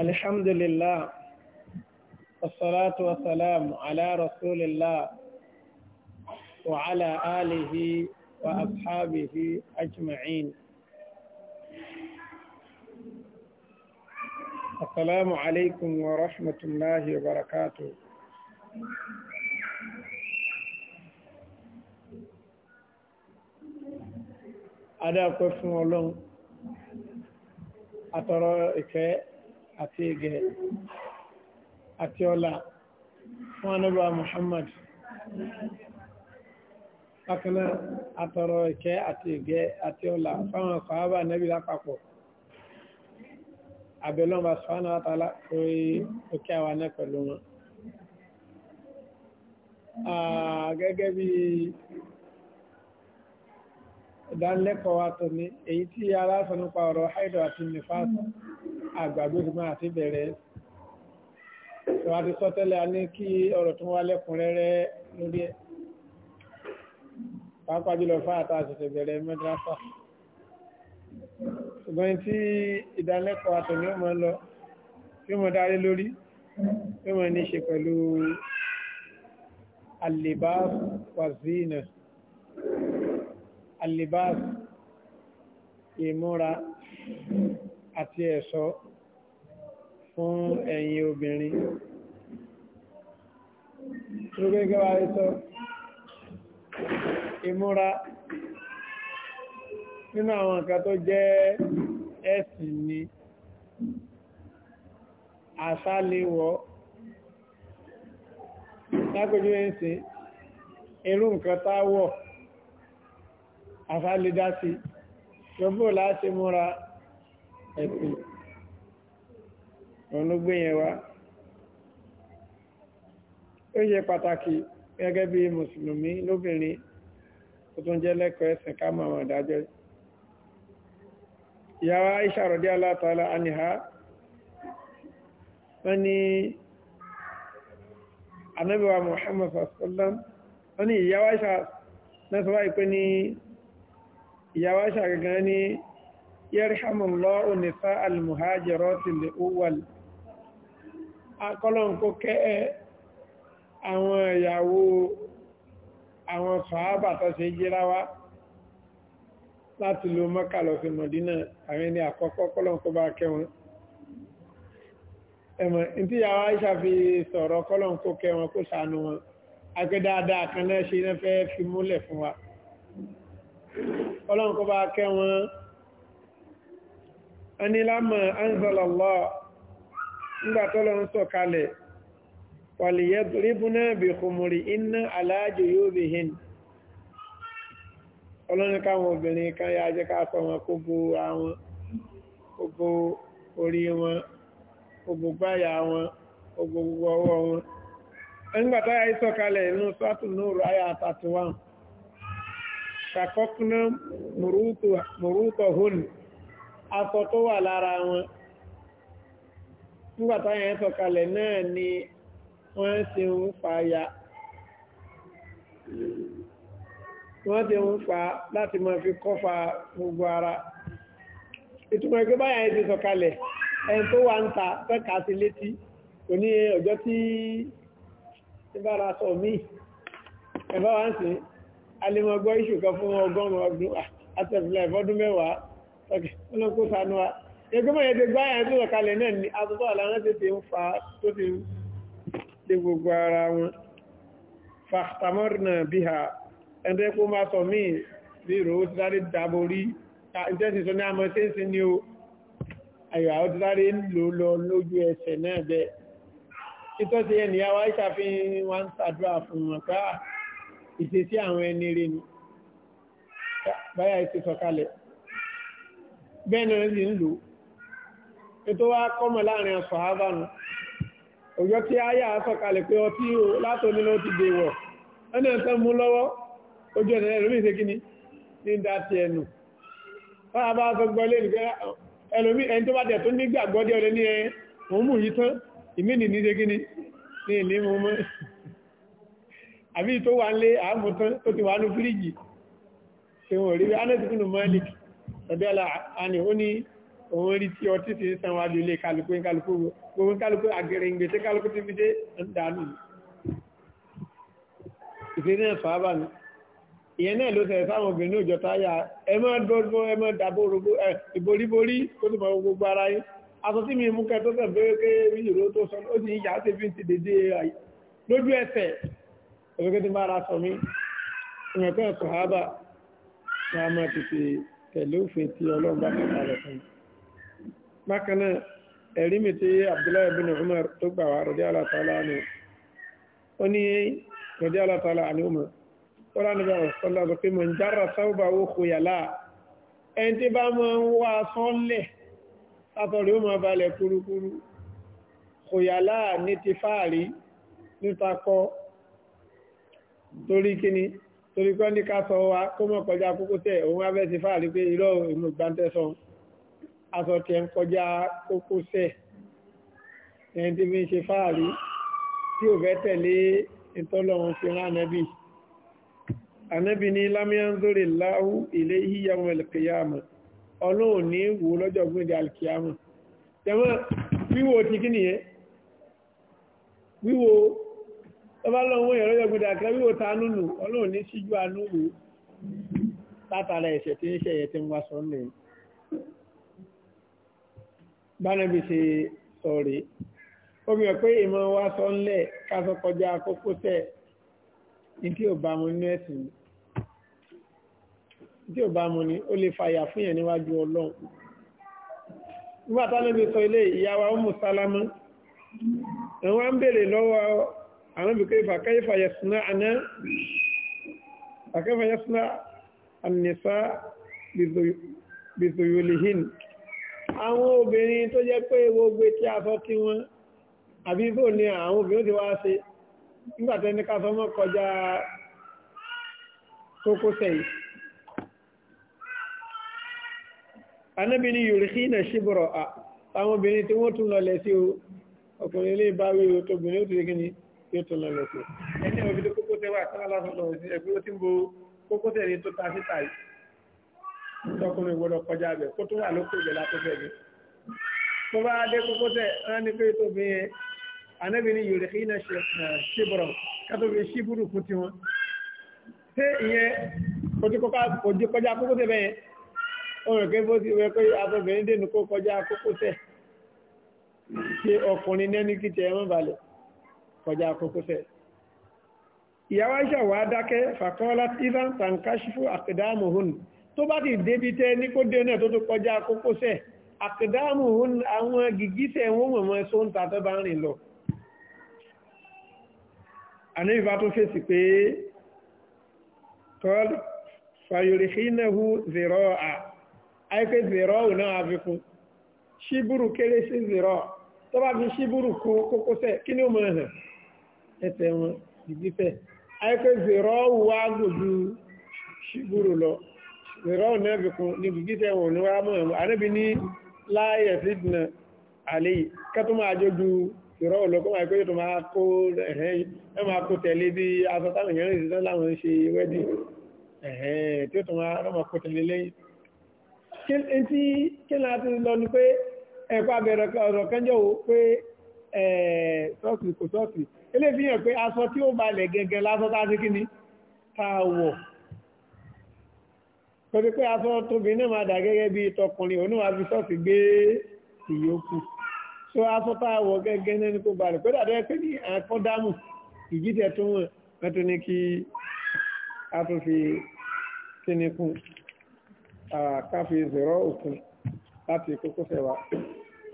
الحمد لله والصلاة والسلام على رسول الله وعلى آله وأصحابه أجمعين السلام عليكم ورحمة الله وبركاته أدعوكم الله أترى إكيه àti ẹgẹ àti ọlá fún anábà Muhammad bákaná àtọrọ ìkẹ́ àti ẹgẹ àti ọlá fáwọn sàábà nẹ́bí lápapọ̀ àbẹ̀lọ́mbà sọ́nà àtàlá orí òkè àwọn náà pẹ̀lú wọn gẹ́gẹ́ bí ìdánilẹ́kọ̀ọ́ wa tó ní èyí tí aláṣọ nípa ọ̀rọ̀ haidu àti nifas àgbàgbé ṣùgbọ́n àti bẹ̀rẹ̀ ìwà ti sọ tẹ́lẹ̀ a ní kí ọ̀rọ̀ tún wá lẹ́kùnrẹ́rẹ́ lórí ẹ̀ pàápàá jùlọ fáàtà àṣẹṣẹ bẹ̀rẹ̀ mẹ́dráfà ṣùgbọ́n tí ìdánilẹ́kọ̀ọ́ àtẹ̀lé ọmọ lọ tí mo darí lórí tí mo ní ṣe pẹ̀lú alibas wazina alibas ìmúra àti ẹ̀ṣọ́ ẹ̀yìn obìnrin tó gẹ́gẹ́ wá rí sọ ìmúra nínú àwọn nǹkan tó jẹ́ ẹ̀sìn ni àṣà lè wọ́ lápẹjú ẹ̀sìn irú nǹkan táwọ̀ àṣà lè dá sí láti múra ẹ̀sìn òun ló gbé yẹn wá ó yẹ pàtàkì gẹ́gẹ́ bí mùsùlùmí lóbìnrin tó tún jẹ́ lẹ́kọ̀ọ́ ẹ̀sìn ká mọ̀ àwọn ìdájọ́ ìyàwó Aisha radiyallahu ta'ala anha wọ́n ní anábíwá Muhammad sallam wọ́n ní ìyàwó Aisha náà sọ wáyé ìyàwó Aisha gangan ní yarhamullahu nisa akọ́lọ́n kó kẹ́ àwọn ìyàwó àwọn sọ̀hábà tó ṣe jíra wá láti lo Mọ́kà lọ sí Mọ̀dínà àwọn ẹni àkọ́kọ́ kọ́lọ́n kó bá kẹ́ wọn ẹ̀mọ̀ tí yàwó Aisha fi sọ̀rọ̀ kọ́lọ́n kó kẹ́ wọn kó ṣàánú wọn agbẹ́ dáadáa kan náà ṣe iná fẹ́ fi múlẹ̀ fún wa kọ́lọ́n kó bá kẹ́ wọn ẹni lámọ̀ anzalallah nígbà tọ́lọ ń sọ kalẹ̀ na bí kòmòrì iná aláàjò yóò bí hin ọlọ́nìkáwọn ike kan yá jẹ́ káàkọ́ wọn kó bo àwọn gbogbo orí wọn gbogbo gbáyà wọn gbogbo ọwọ́ wọn nígbàtá yà sọ kalẹ̀ inú sọ́tù ka nígbàtá yẹn sọ̀kalẹ̀ náà ni wọ́n ti ń fa ya wọ́n ti ń fa láti máa fi kọ́fà gbogbo ara ìtumọ̀ ẹgbẹ́ báyà ti sọ̀kalẹ̀ ẹni tó wà ń ta tẹ́ka sí létí kò ní ọjọ́ tí ìbára sọ míì ẹ̀bá wá ń sìn alẹ́mọ̀gbọ́ ìṣù kan fún ọgọ́rùn-ún ọdún àtẹ̀fìlẹ̀ ìfọ́dún mẹ́wàá ọlọ́kùnrin sanuwa ẹgbẹ́mọ̀ ẹgbẹ́ gbáyàn tó lọ̀kalẹ̀ náà ni àtútọ́ àlàrán tó ti ń fa tó ti lè gbogbo ara wọn fàtàmọ́rìnà bí ha ẹgbẹ́ kó máa sọ míì bí ìrò ó ti sáré dáborí ìtẹ́sì tó ní àmọ́ tí ń sin ní o àyà ó ti sáré lò lọ lójú ẹsẹ̀ náà bẹ́ ah, bẹ́ẹ̀ náà sì ń lò ètò wa kọ́mọ̀ láàrin ọ̀sọ̀ àbánu òjò tí a yà sọ̀kalẹ̀ pé ọtí o látòní ló ti dèwọ̀ ẹni ẹ̀sán mú lọ́wọ́ ojú ẹ̀sán ẹlòmí ṣe kí ni ní dá ti ẹnu fáà bá sọ gbọ́ lẹ́nu ẹlòmí ẹni tó bá tẹ̀ tó nígbàgbọ́ dé ọlẹ́ ní ni ní ìní mú mọ́ àbí tó wà lé àmú tán tó ti wà ní fíríjì ṣe òun rí tí ọtí ti ń san wájú ilé kálukú kálukú gbogbo kálukú agẹrẹǹgbè tí kálukú ti fi dé ń dànù ìfẹ́ni náà fàábà ní ìyẹn náà ló ṣẹlẹ̀ sáwọn obìnrin ní òjò táyà ẹ máa dọ́gbọ́n ẹ máa dàbò ìboríborí tó ti máa gbogbo ara yín aṣọ tí mi mú kẹ tó tẹ̀lé pé bí ìró tó sọ òfin tí ọlọ́run bá rẹ̀ fún bákan náà ẹ̀rí mi tí Abdullahi ibn Umar tó gbà wá radiyallahu ta'ala anhu ó ní radiyallahu ta'ala anhuma ó rán ibà ọ̀sọ́lá sọ pé mọ̀ ń jára sáwùbà ó kò yàlá ẹni tí bá máa ń wá sọ́lẹ̀ látọ̀rí ó máa balẹ̀ kúrúkúrú kò yàlá ní ti fáàrí nítakọ́ torí kíni torí kọ́ ní ká sọ wa kó mọ̀ kọjá kókó tẹ̀ òun abẹ́ ti fáàrí pé irọ́ ìmúgbàntẹ́sán aṣọ tiẹ̀ ń kọjá kókósẹ̀ ẹni tí fi ń ṣe fáàrí tí ò fẹ́ tẹ̀lé ìtọ́lọ́run fi rán ànábì ànábì ní lámíyàn zórè láhú ilé yíyàwó ẹlẹ́kẹ̀yàmù ọlọ́run ní wò lọ́jọ́ gbọ́dẹ̀ alkiyama tẹ̀mọ́ wíwò ti kí nìyẹn wíwò ọba lọ́wọ́ yẹn lọ́jọ́ gbọ́dẹ̀ alkiyama wíwò ta nùnù ọlọ́run ní síjú àánú látara ẹ̀ṣẹ̀ tí ń ṣẹ̀yẹ tí ń wá sọ́ọ́ nìyẹn bánàbí ṣe sọ rèé ó bí wọ́n pé ìmọ̀ wa sọ ńlẹ̀ ká sọ kọjá àkókò tẹ̀ ní tí ò bá mu nínú ẹ̀sìn ní tí ò bá mu ni ó lè fàyà fún yẹn níwájú ọlọ́run nígbà tánàbí sọ ilé ìyàwó ọmọ sálámà àwọn ń bèèrè lọ́wọ́ àwọn bèèrè fàkẹ́fà yẹ̀sùnà àná fàkẹ́fà yẹ̀sùnà àwọn obìnrin tó jẹ́ pé gbogbo tí a fọ́ kí wọ́n àbí bò ní àwọn obìnrin ti wá ṣe nígbàtẹ́ ní ká fọ́mọ́ kọjá kókósẹ̀ yìí anábi ni yorùkí na ṣíbọ̀rọ̀ àwọn obìnrin tí wọ́n tún lọlẹ̀ sí ọkùnrin ilé ìbáwí tóbìnrin ó ti rí kíni yóò tún lọlẹ̀ sí ẹni ọ̀bí tó kókósẹ̀ wà kí wọ́n ńlọkùnrin gbọ́dọ̀ kọjá abẹ kó tó wà lókè ìbẹ̀ látọ́fẹ́ mi tó bá dé kókó tẹ̀ ọ́n ní pé tó fi yẹn anábì ní yorùbá iná ṣíbùrọ̀ kátó fi ṣíbùrù fún tiwọn ṣé ìyẹn ojú kọjá kókó tẹ̀ bẹ́yẹn ó rẹ̀ kẹ́ bó ti rẹ̀ pé afẹ́bẹ̀rin dènù kó kọjá kókó tẹ̀ ṣe ọkùnrin nẹ́ni kí tẹ̀ ẹ̀wọ̀n balẹ̀ kọjá kókó tẹ̀ ìyàwó aṣọ wa dákẹ́ fàkọ́lá ivan tankaṣifu àkèdámù hùn tó bá ti débi tẹ́ ní kó dẹ́nà tó tó kọjá kókósẹ̀ àkìdámù àwọn gìgísẹ̀ wọ́n mọ̀mọ́ só ń ta tó bá rìn lọ àníbà tó fèsì pé kọ́ọ̀lù fàyòrìhínàhù zèrọ́ à àìkẹ́ zèrọ́ ò náà àfikún ṣíbùrù kéré sí zèrọ́ tó bá fi ṣíbùrù kún kókósẹ̀ kí ni ó mọ̀ hàn ẹsẹ̀ wọn gìgísẹ̀ àìkẹ́ zèrọ́ wà gbòjú ṣíbùrù lọ mìíràn náà fi kún ní gígí tẹ́wọ̀n ní wá mọ̀ anábi ní láyẹ̀ fitna àlè kẹ́tọ́ máa jójú ìrọ̀ olókọ́ máa pé tó máa kó ẹ̀hẹ́n máa kó tẹ̀lé bí asọ́tàmì yẹn ìsìtọ́ láwọn ń ṣe wẹ́dì ẹ̀hẹ́n tí ó tó máa rọ́mà kó tẹ̀lé lẹ́yìn tí kí náà ti lọ ni pé ẹ̀kọ́ kò sọ́ọ̀sì eléyìí fi hàn pé aṣọ tí ó balẹ̀ gẹ́gẹ́ lásọ tá kí ni tá a wọ̀ pẹ̀lú pé aṣọ tóbi náà máa dà gẹ́gẹ́ bí tọkùnrin òun náà fi ṣọ́ọ̀fì gbé ìyókù so aṣọ tá a wọ̀ gẹ́gẹ́ náà ní kó balẹ̀ pé dàdọ́ ẹ pé ní àkọ́ dámù ìjídẹ̀ tó wọ̀n mẹ́tò ní kí a tó fi kíni kún káfí zọ̀rọ̀ òkun láti kókó fẹ́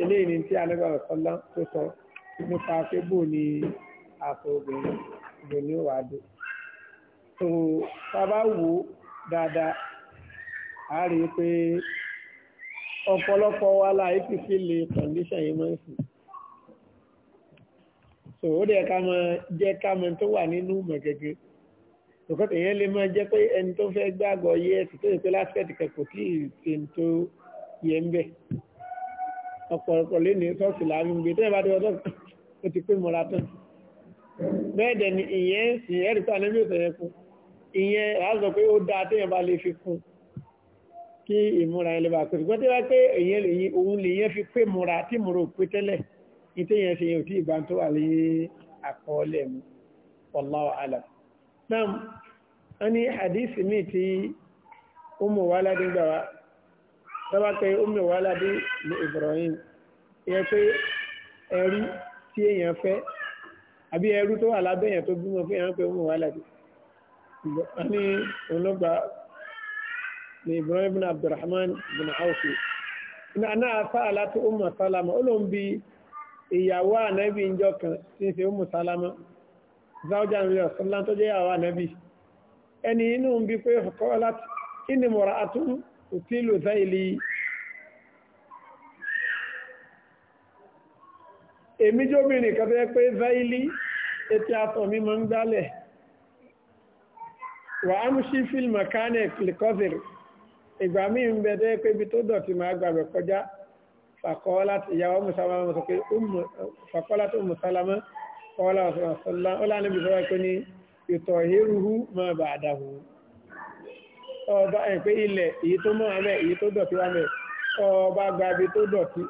eléyìí ni tí alẹ́gbà ọ̀sọ́lá tó sọ nípa pé bò ní aṣọ obìnrin obìnrin wàá dé so tá a bá wò ó dáadáa a rí i pé ọ̀pọ̀lọpọ̀ wa láì ti fi lè kọ̀ǹdíṣàn yìí máa ń sùn. so ó dẹ̀ ká máa jẹ́ ká máa tó wà nínú mọ̀ gẹ́gẹ́ tòkọ́tò yẹn lè máa jẹ́ pé ẹni tó fẹ́ gbàgbọ́ yé ẹ̀sìn tó yẹ pé lásìkò kẹ̀kọ́ tí ìṣe tó yẹ ń bẹ̀. ọ̀pọ̀lọpọ̀ lè ní sọ́ọ̀sì láàmì gbé tẹ́lẹ̀ bá ti wọ́n sọ́ọ̀sì ó ti pé mọ́ra tán. bẹ́ẹ̀ dẹ̀ ni ìyẹn sì ẹ̀rí pé àná kí ìmúra yẹn lè bá pèsè gbọ́dọ̀ wá pé èyàn lè yin òun lè yẹn fi pé múra tí múra ò pé tẹ́lẹ̀ ní téèyàn ṣe yẹn ò tí ì bá ń tó wà lé àkọọ́lẹ̀ mu wallahu alam. náà wọ́n ní hadisi míì tí Ummu Walad gbà wá tọ́ba pé Ummu Walad ní Ibrahim ìyẹn pé ẹrú tí èèyàn fẹ́ àbí ẹrú tó wà lábẹ́ yẹn tó bímọ fún yẹn pé Ummu Walad ní òun ló gbà ní Ibrahim bin Abdurrahman bin Awfi náà afá aláti Ummu Salama olóńbi ìyàwó ànábì ìjọ kan tí ń ṣe Ummu Salama záwọ́jà ní ọ̀sánlá tó jẹ́ ìyàwó ànábì ẹni inú ń bí pé ọkọ̀ láti kí ni mọ̀ra atún òtílù záìlì èmi jóbìnrin kan tó yẹ pé záìlì ètí asọ̀ mi máa ń gbálẹ̀ wà á fílmù kánẹ̀ kìlìkọ́sìrì ìgbà míì ń bẹ dé pé ibi tó dọ̀tí máa gbàgbẹ́ kọjá fàkọ́lá ti ìyàwó musalama sọ pé fàkọ́lá tó musalama kọ́lá ọ̀sọ̀lá ó lá níbi sọ́wọ́ pé ní ìtọ̀ ìhérúhú máa bà dáhù ọba ẹ̀ pé ilẹ̀ èyí tó mọ́ àmẹ́ èyí tó dọ̀tí wà mẹ́ ọba gbàbí tó dọ̀tí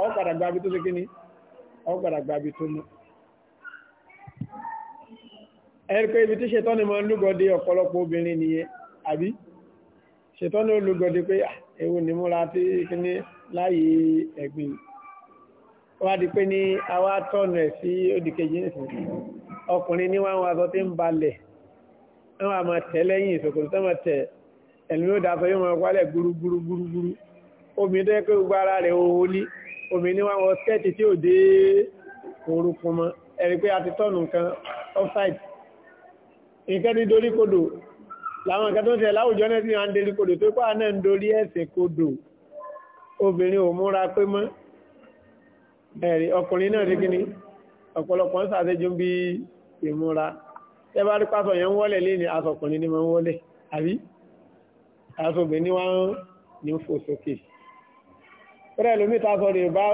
ọ̀gbàdà gbàbí tó sékíní ọ̀gbàdà gbàbí tó mọ́ ẹ̀rí pé ibi tí ṣetán ni máa ń lúgọ dé ọ̀pọ̀lọpọ̀ obìnrin nìyẹn àbí ṣètọ́nù olùgọ́dì pé ah, ewu ni múra tí kíní láyé ẹ̀gbìn wá di pé ní àwa tọ́nù ẹ̀ sí òdìkejì nìsín ọkùnrin ní wọn aṣọ tí ń balẹ̀ wọn a máa tẹ̀ lẹ́yìn ìṣòkòtò tó máa tẹ̀ ẹ̀lú yóò dáṣọ yóò máa wálẹ̀ gbúrúgbúrúgbúrú omi tó yẹ pé gbogbo ara rẹ̀ owó ní omi ní wọn wọ skẹ́ẹ̀tì tí ò dé orúkún mọ́ ẹ̀rí pé a ti tọ́nù nǹkan offside nǹkan ní dorí kodò láwọn nǹkan tó ń ṣe láwùjọ náà sí àwọn adérí kodò tó pàà náà ń dorí ẹ̀sìn kodò obìnrin ò múra pé mọ́ ẹ̀rí ọkùnrin náà rí kíní ọ̀pọ̀lọpọ̀ ń sàṣẹ́jú bí ìmúra ẹ bá rí pásọ yẹn ń wọ́lẹ̀ lé ní asọkùnrin ni mo ń wọ́lẹ̀ àbí asọ̀bìn ni wọ́n ní fò sókè pẹ́rẹ́ lómi tasọ̀ rè bá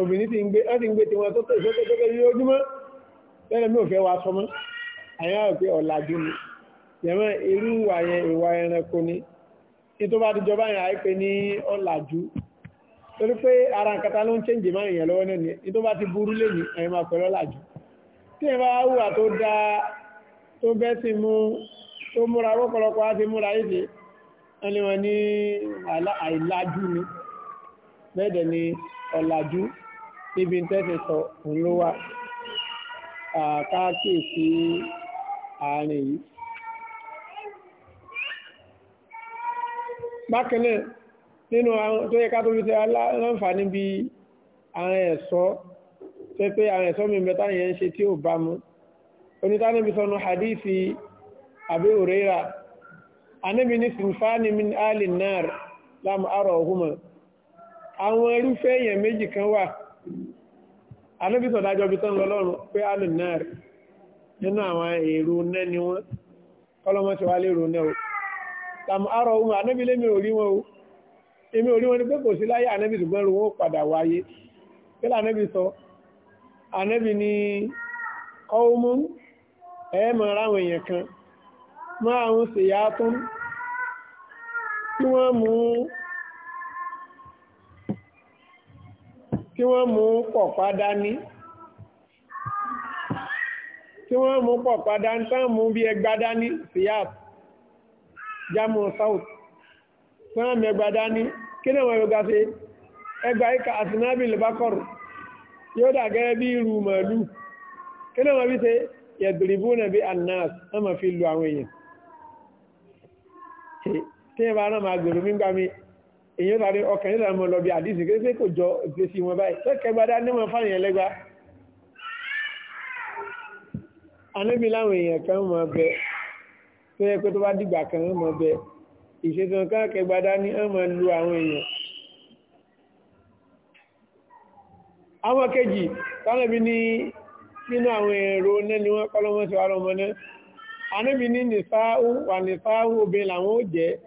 obìnrin ti ń gbé ẹ́ ti ń gbé tiwọn sókè sókè sókè ní ojúmọ́ lẹ́nu mi ò fẹ́ wa sọmọ́ àyàn rẹ̀ pé ọ̀làjú ni yẹ̀mọ́ irú ìwà yẹn ìwà ẹranko ni ní tó bá ti jọba yẹn àìpé ní ọ̀làjú torí pé ara nǹkan ta ló ń chẹ́ǹjì máa yẹn lọ́wọ́ náà ni ní tó bá ti burú lè ní ẹ̀yìn máa pẹ̀lú ọ̀làjú tí ẹ̀ bá hùwà tó dáa tó bẹ́ sí mú tó múra rọ́pọ̀lọpọ̀ á ti múra yìí ẹni wọn ní ọ̀làjú níbi tẹ́sí sọ òun ló wà káàkiri àárín yìí. bákan náà nínú àwọn tó yẹ ká tó fi ṣe aláǹfààní bí àwọn ẹ̀ṣọ́ tó pé àwọn ẹ̀ṣọ́ mi mẹ́ta yẹn ń ṣe tí ò bá mu onítàníbi sọnù hadithi àbí òrera anábi ní sinfani min alin nar lam arọ ohun àwọn irúfẹ́ èèyàn méjì kan wà anábìsọ̀ dájọ́ bí tán lọ́lọ́run pé alìnàrí nínú àwọn èrò náà ni wọ́n kọ́lọ́mọ́ ti wá lérò náà o tàmù àrọ̀ ohun anábì mi ò wọn o èmi ò wọn ni pé kò sí láyé anábì ṣùgbọ́n rí wọn padà wáyé kí lànábì sọ anábì ni ọmú ẹ̀ẹ́mọ̀ kí wọ́n mú pọ̀pá dání tí wọ́n mú pọ̀pá dání tán mú bí ẹgbá dání siyap jamu south tí mú ẹgbá dání kí ni wọ́n yọga ṣe ẹgbá ika asinabil bakor yóò dà gẹ́gẹ́ bí irú màálù kí ni wọ́n fi ṣe yẹ̀dùrìbù nàbí anas wọ́n máa fi lu àwọn èèyàn tí wọ́n bá náà máa gbèrú mígbà mi èyàn bá rí ọkàn nílò ọmọ lọ bí àdísì kéèké kò jọ ìgbésí wọn báyìí lẹ́kẹ̀ẹ́ bá dá níwọ̀n fáyẹn lẹ́gbá anábì láwọn èèyàn kan mọ̀ bẹ tó yẹ pé tó bá dìgbà kan mọ̀ bẹ ìṣètò káàkẹ́ bá dá ní lu àwọn èèyàn àwọn kejì tánàbí ní nínú àwọn èrò náà ni wọ́n kọ́lọ́mọ́sí wa lọ́mọ náà anábì ní nìfáà wà nìfáà obìnrin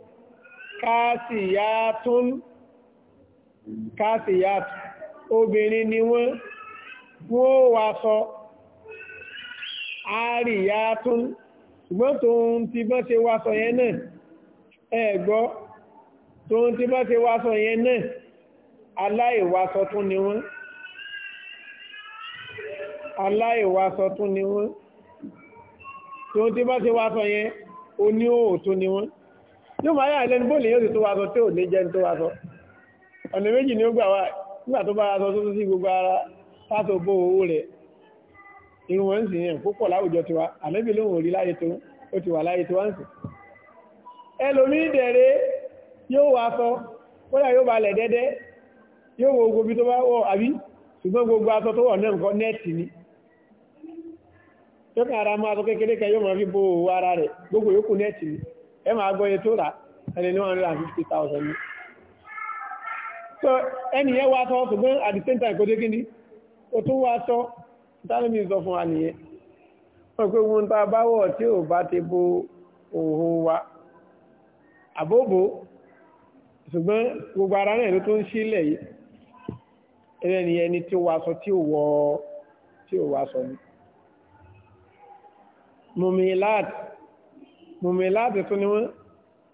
káàsìyàtún káàsìyàtún obìnrin ni wọ́n wọ́n wà sọ àríyàtún ṣùgbọ́n tó ń ti bọ́ ṣe wá sọ yẹn náà ẹ̀gbọ́ tó ń ti bọ́ ṣe wá sọ yẹn náà aláìwàsọ tún ni wọ́n aláìwàsọ tún ni wọ́n tó ń ti bọ́ ṣe wá sọ yẹn oníhòòtún ni wọ́n yóò máa yà lẹ́nu bóòlù yóò sì tó wáṣọ tí ò ní jẹ́ tó wáṣọ ọ̀nà méjì ni ó gbà wá nígbà tó bá aṣọ tó tó sí gbogbo ara tátò bó owó rẹ̀ irun wọn sì yẹn púpọ̀ láwùjọ tiwa àlẹ́bí lóhùn orí láyé tó ó ti wà láyé tó wáǹsì ẹlòmíì dẹ̀rẹ́ yóò wá aṣọ kódà yóò balẹ̀ dẹ́dẹ́ yóò wo gbogbo tó bá wọ̀ àbí ṣùgbọ́n gbogbo aṣọ tó wọ̀ náà nǹkan nẹ́ẹ̀tì ni yóò kàn ara máa aṣọ kékeré kan yóò máa fi bo owó ara rẹ̀ gbogbo yókù nẹ́ẹ̀tì ni ẹ máa gbọ́yẹ tó rà ẹni ní 150,000 ní so ẹni yẹ wá tọ́ ṣùgbọ́n at the same time kó dé kí ní o tún wá tọ́ ìtàlẹ́mì sọ fún àníyẹ wọ́n pé wọn bá báwọ̀ tí ò bá ti bo òhun wa àbóbò ṣùgbọ́n gbogbo ara náà ló tó ń sílẹ̀ yìí ẹni ẹni tí ó wá sọ tí ò wọ tí ò wá sọ ní mùmí láti mùmí láti tún ni wọ́n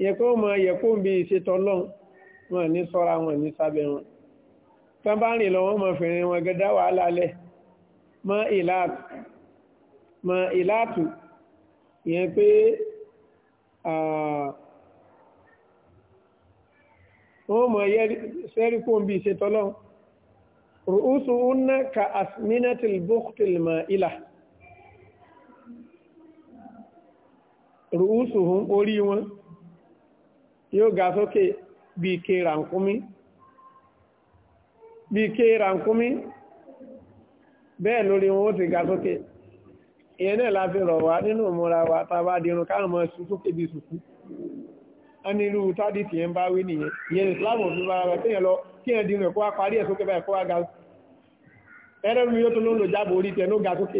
yẹ kó mọ yẹ kó ń bi ìṣètò ọlọ́run wọn ní sọ́ra wọn ní sábẹ́ wọn tán bá rìn lọ wọn mọ fìrin wọn gẹ́dá wàhálà lẹ̀ mọ ìlàtù mọ ìlàtù ìyẹn pé wọ́n mọ yẹ sẹ́rí kó ń bi ìṣètò ọlọ́run rùúsù ka asminatil buktil mọ ìlà. rùúsùhùn orí wọn yóò ga sókè bí ike ràǹkúmí bí ike ràǹkúmí bẹ́ẹ̀ lórí wọn ó ti ga sókè ìyẹn náà láti rọ̀ wá nínú ìmúra wa tàbá dirun káàmọ́ sùn sókè bí sùkú a ní irú bá wí nìyẹn ìyẹn ìsìláàmù fi lọ parí ẹ̀ sókè báyìí kó wá ga yóò ga sókè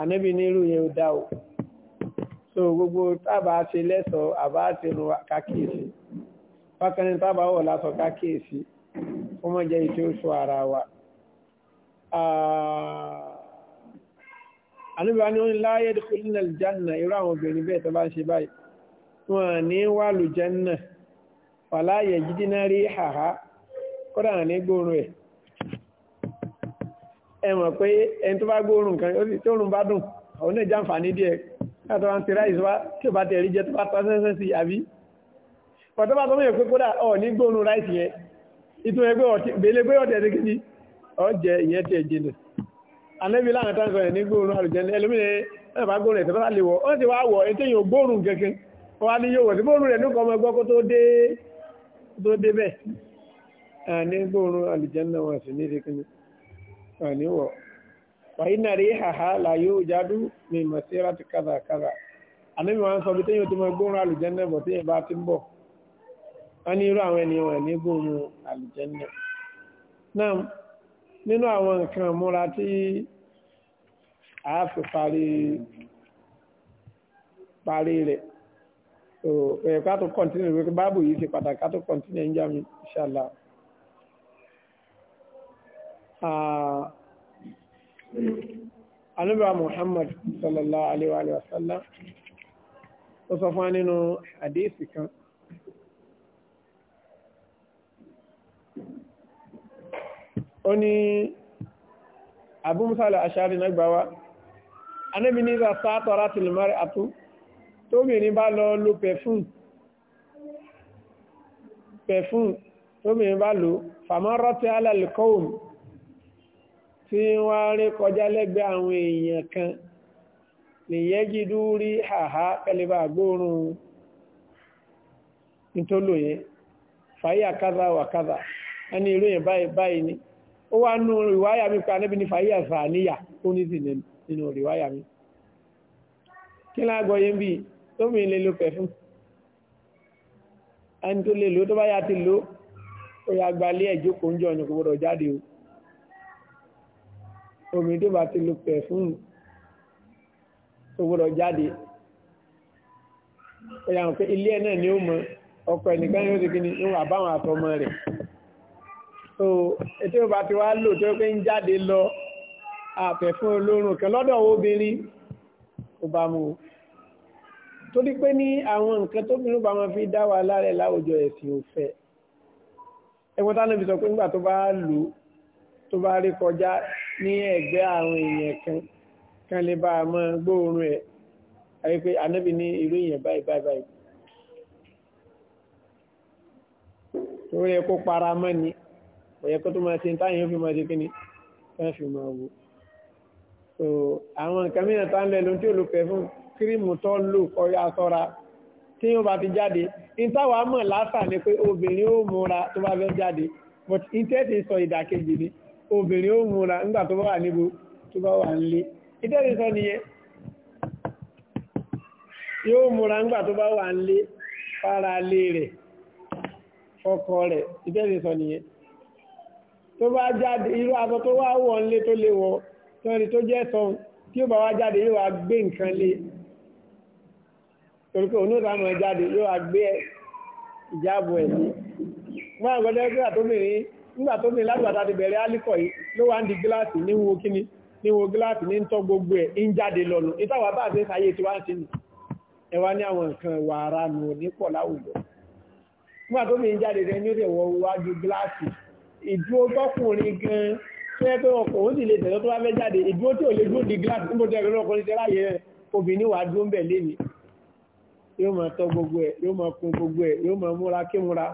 ànábì nírú yẹn ó dá o so gbogbo tábà ṣe lẹ́sọ̀ọ́ àbá ṣe nu kákìsì bákan ní tábà wọ̀ lásọ kákìsì ó mọ̀ jẹ́ ìṣe oṣù ara wa. Ah, ànábì wa ni wọ́n láyé dùkúlínà jánà irú àwọn obìnrin bẹ́ẹ̀ tó bá ń ṣe báyìí wọn ní wà lùjánà wàláyé jídínà rí hàhá kódà ní gbóòórùn ẹ̀ ẹ mọ̀ pé ẹni tó bá gbóòórùn kan tó rùn bá dùn àwọn náà jàǹfààní díẹ̀ látọ̀ wá ń tira ìṣúwá tí ò bá tẹ̀rí jẹ tó bá tọ́ sẹ́sẹ́ sí àbí pọ̀tọ́ bá tọ́ mọ̀ pé kódà ọ̀ ní gbóòórùn ráìsì yẹn ìtumọ̀ pé bèlè pé ọ̀tẹ̀ ti kìí ọ̀jẹ̀ ìyẹn tẹ̀ jìnà anẹ́bí láàrín tán sọ̀rọ̀ ní gbóòrùn àlùjẹ́ni ẹlòmínà náà bá gbóòrùn ẹ̀tẹ̀ bá lè wọ̀ àníwọ̀ wàhínà rí haha láyé òjádú mi mọ̀ sí láti kàzàkàzà àníbi wọn sọ bí téèyàn tó máa gbóhùn àlùjẹ́nà bọ̀ téèyàn bá ti ń bọ̀ wọn ní irú àwọn ènìyàn wọn ní gbóhùn àlùjẹ́nà náà nínú àwọn nǹkan múra tí a fi parí parí rẹ̀ ẹ̀ka tó kọ̀ntínú ìwé báàbù yìí ti pàtàkì ká tó kọ̀ntínú ẹ̀ ń jà mí inshallah alúbà Muhammad sallallahu alaihi wa sallam ó sọ fún nínú àdéhìsì kan ó ní Abu Musa al-Ash'ari náà gbáwá anábi ní ìzà sáàtọ̀rá tìlìmọ́rẹ̀ àtú tó mìírín bá lọ lo pẹ̀fún pẹ̀fún tó mìírín bá lò fàmọ́rọ́tẹ́ alàlùkọ́ùn tí wọ́n rí kọjá lẹ́gbẹ́ àwọn èèyàn kan lèyẹ́ gidú rí àhá kẹlẹ́bà gbóòrùn nítòlò yẹn fàáyà kádà wà kádà ẹni irú báyìí ni ó wá nù ìwáyà mi pa níbi ní fàáyà sàníyà ó ní nínú ìwáyà mi kí yẹn bí lè lo pẹ̀fún ẹni tó lè lo tó bá yà ti lo ó obìnrin tó bá ti lo pẹ̀fúmù tó gbọ́dọ̀ jáde ẹ̀yà ń pé ilé ẹ̀ náà ni ó mọ ọkọ ẹnìkan yóò ti kíni ó wà báwọn àtọmọ rẹ̀ so ètò ìbá ti wá lò tó pé ń jáde lọ àpẹ̀fún olórùn kan lọ́dọ̀ obìnrin ó bá mú torí pé ní àwọn nǹkan tóbìnrin bá máa fi dá wa lárẹ̀ láwùjọ ẹ̀sìn òfẹ́ ẹ̀wọ̀n tánà fi sọ pé nígbà tó bá lò tó bá rí kọjá ní ẹ̀gbẹ́ àwọn èèyàn kan kan lè bá a mọ́ gbóòórùn ẹ̀ ayé pé anábì ní irú èèyàn báyìí báyìí báyìí tó yẹ kó para mọ́ ni kò yẹ kó tó máa ṣe ń fi máa ṣe kí ni táyà fi máa wò so àwọn nǹkan mìíràn tá ń lẹ lóhun tí olùfẹ́ fún kírìmù tó lò kọrí asọ́ra tí yóò bá ti jáde ní táwa mọ̀ lásà ni pé obìnrin ó múra tó bá fẹ́ jáde but intẹ́sì sọ ìdàkejì ni. obìnrin ó múra nígbà tó bá wà níbo tó bá wà nílé ìtẹ́rì sọ nìyẹn yóò múra nígbà tó bá wà nílé fara lé rẹ̀ ọkọ rẹ̀ ìtẹ́rì sọ nìyẹn tó bá jáde irú aṣọ tó wá wọ̀ nílé tó lè wọ̀ tọ́ni tó jẹ́ sọ tí ó bá wá jáde yóò wá gbé nǹkan lé torí òun náà jáde yóò wá gbé ìjábọ̀ ẹ̀ sí. wọ́n nígbà tó ní ládùbàtà ti bẹ̀rẹ̀ alíkọ̀ yìí ló wá ń di gíláàsì níwò kíní níwò gíláàsì ní tọ́ gbogbo ẹ̀ ń jáde lọ́nu ìtawà bá àti ṣayé tí wọ́n ti nì ẹwà ní àwọn nǹkan ìwà ara nù nípọ̀ láwùjọ nígbà tó ní jáde rẹ ní ìrẹ̀wọ̀ wájú gíláàsì ìdúró tọkùnrin gan tó yẹ pé ọkọ̀ ó sì lè tẹ̀lé yóò máa tọ́ gbogbo ẹ̀ yóò máa kun gbogbo ẹ̀ yóò máa múra kí múra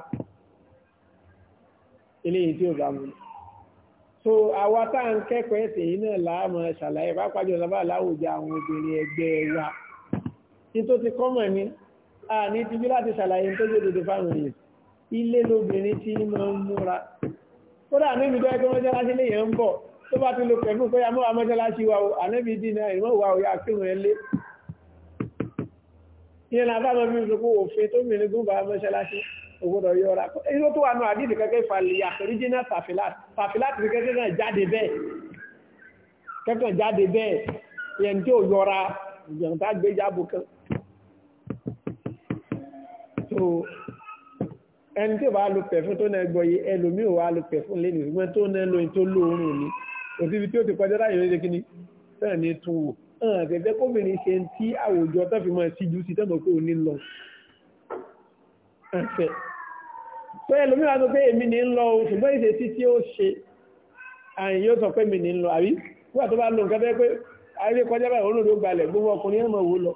eléyìí tí ó bá mú so àwa tá à ń kẹ́kọ̀ọ́ ẹ̀sìn yìí náà láàmú ṣàlàyé bá pàjọ lọ́ba láwùjọ àwọn obìnrin ẹgbẹ́ wa ní tó ti kọ́mọ̀ ni a ní tijú láti ṣàlàyé tó jẹ́ òdodo fáwọn èèyàn ilé lóbìnrin tí máa ń múra kódà níbi tó ẹgbẹ́ mọ́ṣáláṣí lè yẹn ń bọ̀ tó bá ti lo pẹ̀lú pé àmọ́ àmọ́ṣáláṣí wa o ànábi dínà ìmọ̀ wa ò mọ́ mi ògbọ́dọ̀ yọra inú tó wà nù àdìsí kẹ́kẹ́ ìfàlìyà original tafilat tafilat ti kẹ́kẹ́ náà jáde bẹ́ẹ̀ kẹ́kẹ́ jáde bẹ́ẹ̀ yẹn tí ò yọra ìjọba tá gbé jábò kan so ẹni tí ò bá lo pẹ̀fún tó náà gbọ́ yìí ẹlòmíì ò wá lo pẹ̀fún lẹ́nu ìgbọ́n tó náà lóyún tó lóorùn ni òsibí tí ó ti kọjá láyé lóde kíní náà ní tún wò hàn gẹ́gẹ́ kóbìnrin ṣe ń tí àwùjọ tó fi mọ́ ẹ síjú sí tọ́mọ̀ pé ò ní lọ pé ẹlòmíràn tó pé èmi ní ń lọ o ṣùgbọ́n ìṣe sí tí ó ṣe àyìn yóò sọ pé mi ní ń lọ àbí wíwà tó bá lò nǹkan bẹ́ẹ̀ pé ayé kọjá báyìí òun ló gbalẹ̀ gbogbo ọkùnrin ẹ̀mọ̀ wò lọ.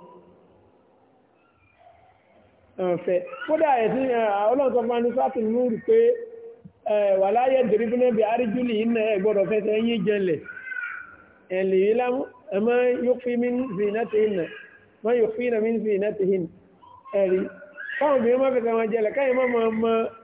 ọ̀fẹ́ kódà ẹ̀sìn ọlọ́run sọ fún anisátì núrù pé wà láyé dèrìbìnrin bíi àríjúlì iná ẹ̀ gbọ́dọ̀ fẹsẹ̀ yín jẹlẹ̀ ẹ̀rí fáwọn obìnrin má fẹsẹ̀ wọn jẹlẹ̀ káyọ̀ má máa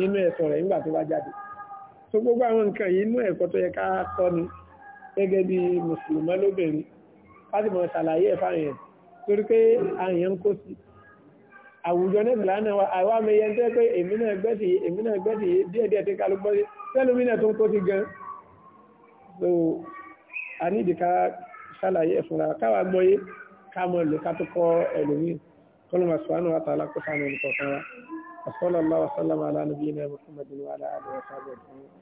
inú ẹ̀sùn rẹ̀ nígbà tó bá jáde so gbogbo àwọn nǹkan yìí inú ẹ̀kọ́ tó yẹ ká kọ́ ni gẹ́gẹ́ bí mùsùlùmọ́ lóbìnrin láti mọ̀ ṣàlàyé ẹ̀ yẹn torí pé àyàn kó sí àwùjọ nẹ́sì wa àwa mi yẹn tẹ́ pé èmi náà gbẹ́sì èmi náà gbẹ́sì díẹ̀ so a nídìí ká ṣàlàyé ẹ̀ fúnra káwa gbọ́yé ká mọ̀ lò ká tó kọ́ ẹlòmíì وصلى الله وسلم على نبينا محمد وعلى آله وصحبه أجمعين